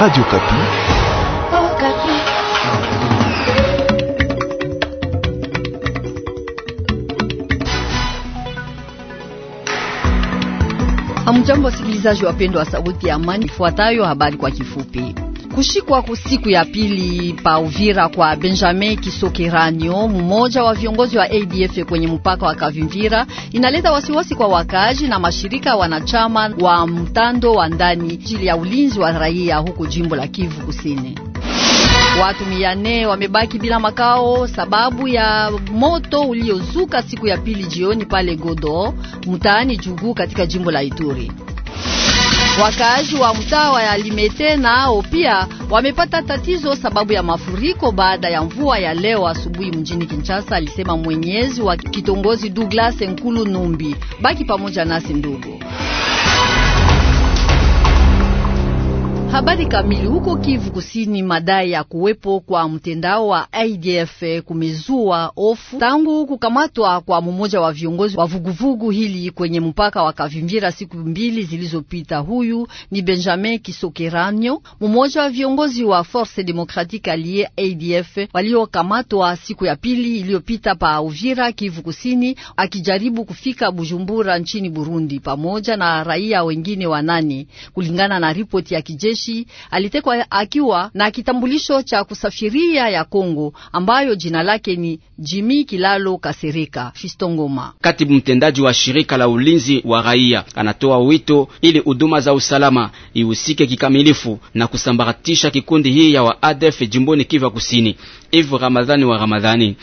Radio Kapi. Oh, Amjambo wasikilizaji wapendwa wa sauti ya amani, ifuatayo habari kwa kifupi. Kushikwa kusiku ya pili pa Uvira kwa Benjamin Kisokeranyo, mmoja wa viongozi wa ADF kwenye mpaka wa Kavimvira, inaleta wasiwasi kwa wakaaji na mashirika wanachama wa mtando wa ndani ajili ya ulinzi wa raia huko jimbo la Kivu Kusini. Watu mia nne wamebaki bila makao sababu ya moto uliozuka siku ya pili jioni pale Godo mtaani Jugu katika jimbo la Ituri. Wakaaji wa mtaa wa limete nao pia wamepata tatizo sababu ya mafuriko baada ya mvua ya leo asubuhi mjini Kinshasa, alisema mwenyezi wa kitongozi Douglas Nkulu Numbi. Baki pamoja nasi ndugu Habari kamili. Huko Kivu Kusini, madai ya kuwepo kwa mtandao wa IDF kumezua hofu tangu kukamatwa kwa mmoja wa viongozi wa vuguvugu hili kwenye mpaka wa Kavimvira siku mbili zilizopita. Huyu ni Benjamin Kisokeranyo, mmoja wa viongozi wa Force Democratique alie ADF waliokamatwa siku ya pili iliyopita pa Uvira, Kivu Kusini, akijaribu kufika Bujumbura nchini Burundi, pamoja na raia wengine wanane, kulingana na ripoti ya kijeshi Lubumbashi alitekwa akiwa na kitambulisho cha kusafiria ya Kongo ambayo jina lake ni Jimi Kilalo Kasirika Fistongoma, katibu mtendaji wa shirika la ulinzi wa raia, anatoa wito ili huduma za usalama ihusike kikamilifu na kusambaratisha kikundi hii ya wa ADF jimboni Kivu Kusini. Ivu Ramadhani wa Ramadhani,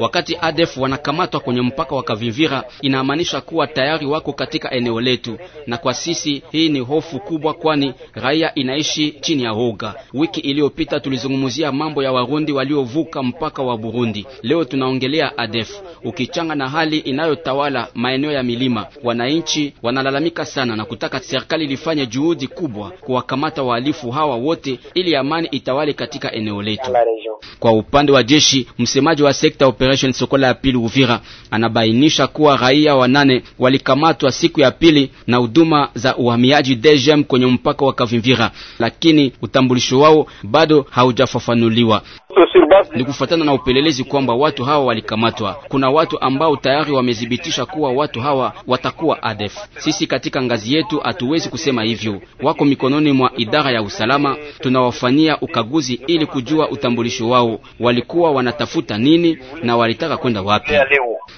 wakati ADF wanakamatwa kwenye mpaka wa Kavivira, inamaanisha kuwa tayari wako katika eneo letu, na kwa sisi hii ni hofu kubwa, kwani raia inaishi chini ya hoga. Wiki iliyopita tulizungumzia mambo ya Warundi waliovuka mpaka wa Burundi. Leo tunaongelea ADF. Ukichanga na hali inayotawala maeneo ya milima, wananchi wanalalamika sana na kutaka serikali lifanye juhudi kubwa kuwakamata wahalifu hawa wote ili amani itawale katika eneo letu. Kwa upande wa jeshi, msemaji wa sekta operation Sokola ya pili Uvira anabainisha kuwa raia wanane walikamatwa siku ya pili na huduma za uhamiaji DGM kwenye mpaka wa Kavimvira. Uvira, lakini utambulisho wao bado haujafafanuliwa. Ni kufuatana na upelelezi kwamba watu hawa walikamatwa. Kuna watu ambao tayari wamethibitisha kuwa watu hawa watakuwa ADF. Sisi katika ngazi yetu hatuwezi kusema hivyo, wako mikononi mwa idara ya usalama. Tunawafanyia ukaguzi ili kujua utambulisho wao, walikuwa wanatafuta nini na walitaka kwenda wapi.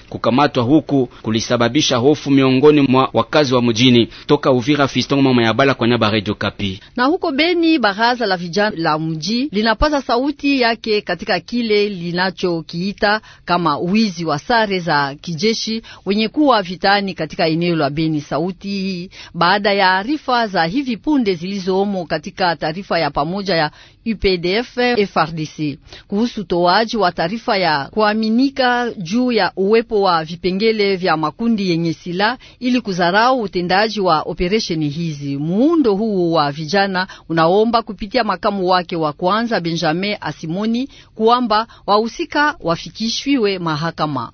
Kukamatwa huku kulisababisha hofu miongoni mwa wakazi wa mjini. Toka Uvira, Fiston mama ya bala kwa niaba Radio Kapi. Na huko Beni, baraza la vijana la mji linapaza sauti yake katika kile linachokiita kama wizi wa sare za kijeshi wenye kuwa vitani katika eneo la Beni. Sauti hii baada ya arifa za hivi punde zilizomo katika taarifa ya pamoja ya UPDF FRDC kuhusu toaji wa taarifa ya kuaminika juu ya uwepo uwepo wa vipengele vya makundi yenye silaha ili kuzarau utendaji wa operesheni hizi. Muundo huu wa vijana unaomba kupitia makamu wake wa kwanza Benjamin Asimoni kwamba wahusika wafikishwiwe mahakama.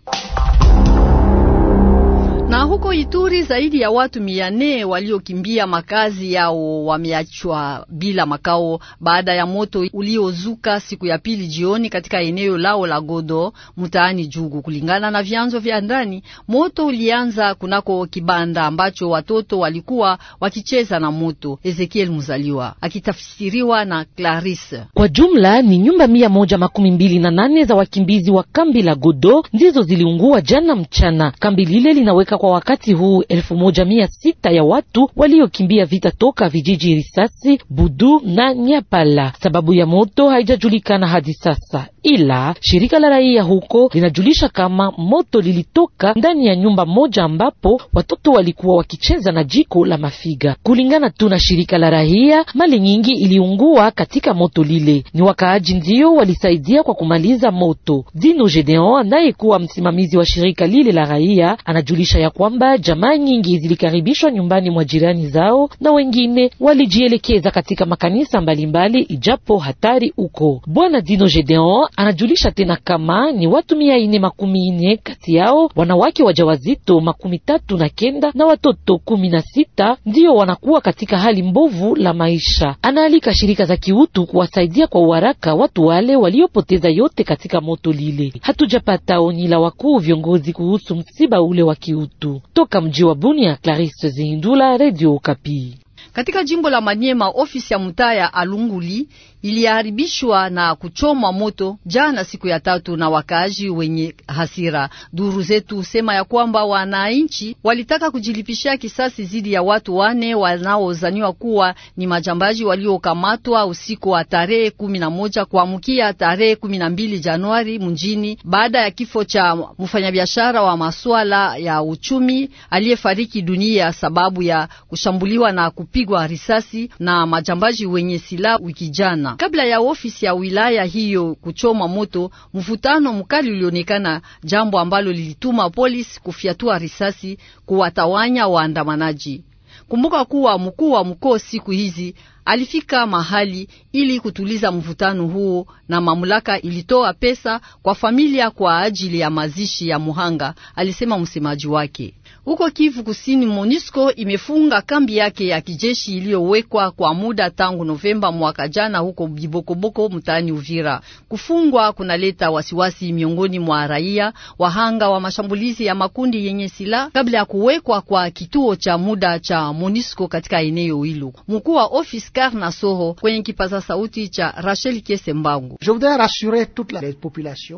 Na huko Ituri zaidi ya watu mia nne waliokimbia makazi yao wameachwa bila makao baada ya moto uliozuka siku ya pili jioni katika eneo lao la Godo mtaani Jugu. Kulingana na vyanzo vya ndani, moto ulianza kunako kibanda ambacho watoto walikuwa wakicheza na moto. Ezekiel Muzaliwa akitafsiriwa na Clarisse. Kwa jumla ni nyumba mia moja makumi mbili na nane za wakimbizi wa kambi la Godo ndizo ziliungua jana mchana. Kambi lile linaweka kwa wakati huu elfu moja mia sita ya watu waliokimbia vita toka vijiji Risasi, Budu na Nyapala. Sababu ya moto haijajulikana hadi sasa, ila shirika la raia huko linajulisha kama moto lilitoka ndani ya nyumba moja ambapo watoto walikuwa wakicheza na jiko la mafiga. Kulingana tu na shirika la raia, mali nyingi iliungua katika moto lile. Ni wakaaji ndio walisaidia kwa kumaliza moto. Dino Gedeon anayekuwa msimamizi wa shirika lile la raia anajulisha ya kwamba jamaa nyingi zilikaribishwa nyumbani mwa jirani zao na wengine walijielekeza katika makanisa mbalimbali mbali, ijapo hatari uko. Bwana Dino Gedeon anajulisha tena kama ni watu mia ine makumi ine kati yao wanawake wajawazito makumi tatu na kenda na watoto kumi na sita ndiyo wanakuwa katika hali mbovu la maisha. Anaalika shirika za kiutu kuwasaidia kwa uharaka watu wale waliopoteza yote katika moto lile. Hatujapata oni la wakuu viongozi kuhusu msiba ule wa kiutu tatu. toka mji wa Bunia, Clarisse Zindula, Radio Okapi. Katika jimbo la Manyema, ofisi ya mtaa ya Alunguli iliharibishwa na kuchomwa moto jana siku ya tatu na wakaaji wenye hasira. Duru zetu husema ya kwamba wananchi walitaka kujilipishia kisasi dhidi ya watu wane wanaozaniwa kuwa ni majambazi waliokamatwa usiku wa tarehe kumi na moja kuamkia tarehe kumi na mbili Januari mjini baada ya kifo cha mfanyabiashara wa masuala ya uchumi aliyefariki dunia sababu ya kushambuliwa na kupigwa risasi na majambazi wenye silaha wiki jana. Kabla ya ofisi ya wilaya hiyo kuchomwa moto, mvutano mkali ulionekana, jambo ambalo lilituma polisi kufyatua risasi kuwatawanya waandamanaji. Kumbuka kuwa mkuu wa mkoa siku hizi alifika mahali ili kutuliza mvutano huo, na mamlaka ilitoa pesa kwa familia kwa ajili ya mazishi ya muhanga, alisema msemaji wake. Huko Kivu Kusini, MONUSCO imefunga kambi yake ya kijeshi iliyowekwa kwa muda tangu Novemba mwaka jana huko Bibokoboko mtaani Uvira. Kufungwa kunaleta wasiwasi miongoni mwa raia wahanga wa mashambulizi ya makundi yenye silaha kabla ya kuwekwa kwa kituo cha muda cha MONUSCO katika eneo hilo. Mkuu wa ofisi Oscar Nasoro kwenye kipaza sauti cha Rachel Kesembangu.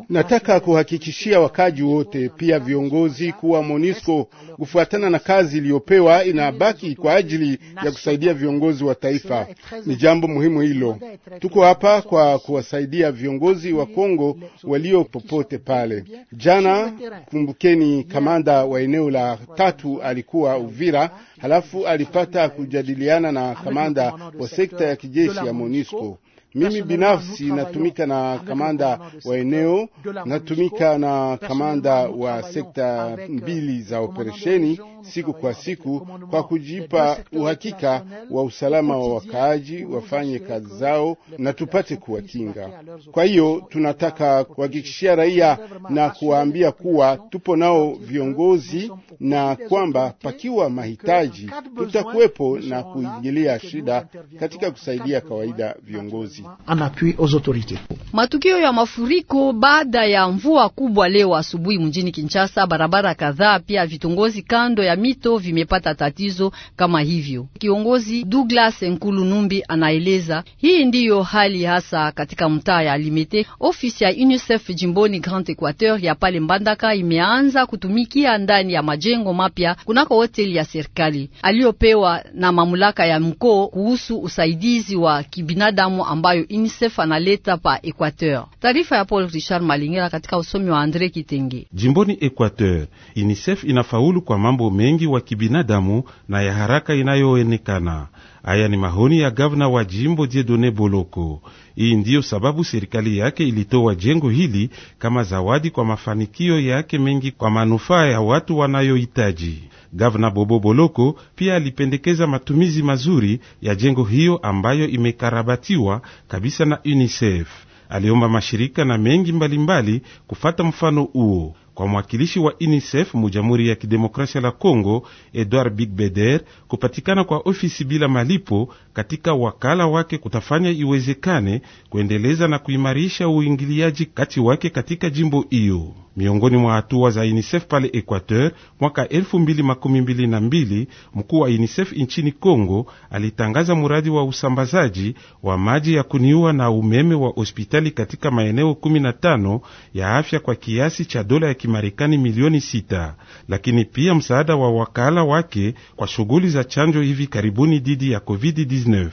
Nataka kuhakikishia wakaji wote pia viongozi kuwa Monisco kufuatana na kazi iliyopewa inabaki kwa ajili ya kusaidia viongozi wa taifa. Ni jambo muhimu hilo. Tuko hapa kwa kuwasaidia viongozi wa Kongo walio popote pale. Jana kumbukeni, kamanda wa eneo la tatu alikuwa Uvira Halafu alipata kujadiliana na kamanda wa sekta ya kijeshi ya MONUSCO. Mimi binafsi natumika na kamanda wa eneo, natumika na kamanda wa sekta mbili za operesheni siku kwa siku, kwa kujipa uhakika wa usalama wa wakaaji, wafanye kazi zao na tupate kuwakinga. Kwa hiyo tunataka kuhakikishia raia na kuwaambia kuwa tupo nao viongozi, na kwamba pakiwa mahitaji tutakuwepo na kuingilia shida katika kusaidia kawaida viongozi. en appui aux autorités. Matukio ya mafuriko baada ya mvua kubwa leo asubuhi mjini Kinshasa. Barabara kadhaa pia vitongozi kando ya mito vimepata tatizo kama hivyo. Kiongozi Douglas Nkulu Numbi anaeleza hii ndiyo hali hasa katika mtaa ya Limete. Ofisi ya UNICEF jimboni Grand Equateur ya pale Mbandaka imeanza kutumikia ndani ya majengo mapya kunako hoteli ya serikali aliyopewa na mamlaka ya mkoo kuhusu usaidizi wa kibinadamu ambayo UNICEF analeta pa Equateur. Equateur. Taarifa ya Paul Richard Malingela katika usomi wa Andre Kitenge. Jimboni Equateur, UNICEF inafaulu kwa mambo mengi wa kibinadamu na ya haraka inayoonekana. Haya ni mahoni ya gavana wa jimbo Jedone Boloko. Hii ndiyo sababu serikali yake ilitoa jengo hili kama zawadi kwa mafanikio yake mengi kwa manufaa ya watu wanayohitaji. Gavana Bobo Boloko pia alipendekeza matumizi mazuri ya jengo hiyo ambayo imekarabatiwa kabisa na UNICEF. Aliomba mashirika na mengi mbalimbali mbali kufata mfano huo kwa mwakilishi wa UNICEF mu Jamhuri ya Kidemokrasia la congo Edward Bigbeder, kupatikana kwa ofisi bila malipo katika wakala wake kutafanya iwezekane kuendeleza na kuimarisha uingiliaji kati wake katika jimbo hiyo. Miongoni mwa hatua za UNICEF pale Equateur mwaka 2022, mkuu wa UNICEF nchini congo alitangaza mradi wa usambazaji wa maji ya kuniua na umeme wa hospitali katika maeneo 15 ya afya kwa kiasi cha dola ya kimarekani milioni sita, lakini pia msaada wa wakala wake kwa shughuli za chanjo hivi karibuni dhidi ya COVID-19.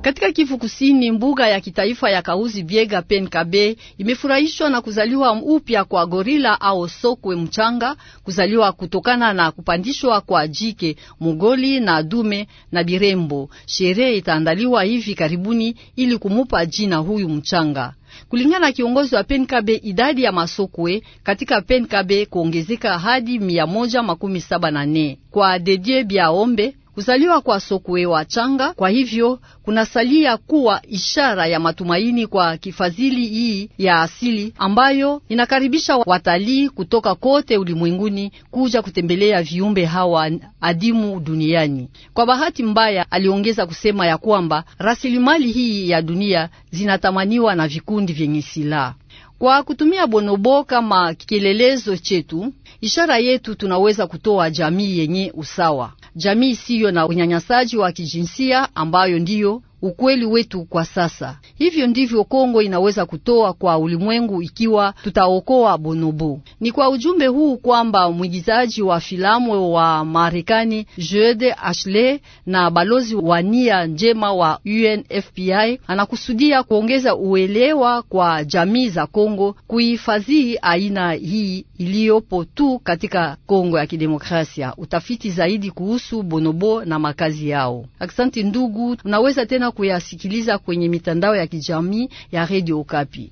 Katika Kivu Kusini, mbuga ya kitaifa ya Kauzi Biega Penkabe imefurahishwa na kuzaliwa upya kwa gorila au sokwe mchanga, kuzaliwa kutokana na kupandishwa kwa jike mugoli na dume na birembo. Sherehe itaandaliwa hivi karibuni ili kumupa jina huyu mchanga. Kulingana na kiongozi wa Penkabe, idadi ya masokwe katika Penkabe kuongezeka hadi mia moja makumi saba na nne. Kwa Dedie Biaombe Kuzaliwa kwa sokwe changa kwa hivyo kunasalia kuwa ishara ya matumaini kwa kifadhili hii ya asili ambayo inakaribisha watalii kutoka kote ulimwenguni kuja kutembelea viumbe hawa adimu duniani. Kwa bahati mbaya, aliongeza kusema ya kwamba rasilimali hii ya dunia zinatamaniwa na vikundi vyenye silaha. Kwa kutumia bonobo kama kielelezo chetu, ishara yetu, tunaweza kutoa jamii yenye usawa jamii isiyo na unyanyasaji wa kijinsia ambayo ndiyo ukweli wetu kwa sasa. Hivyo ndivyo Kongo inaweza kutoa kwa ulimwengu ikiwa tutaokoa bonobo. Ni kwa ujumbe huu kwamba mwigizaji wa filamu wa Marekani Jede Ashley na balozi wa nia njema wa UNFPI anakusudia kuongeza uelewa kwa jamii za Kongo kuifadhii aina hii iliyopo tu katika Kongo ya Kidemokrasia. Utafiti zaidi kuhusu bonobo na makazi yao. Aksanti ndugu, unaweza tena kuyasikiliza kwenye mitandao ya kijamii ya Radio Okapi.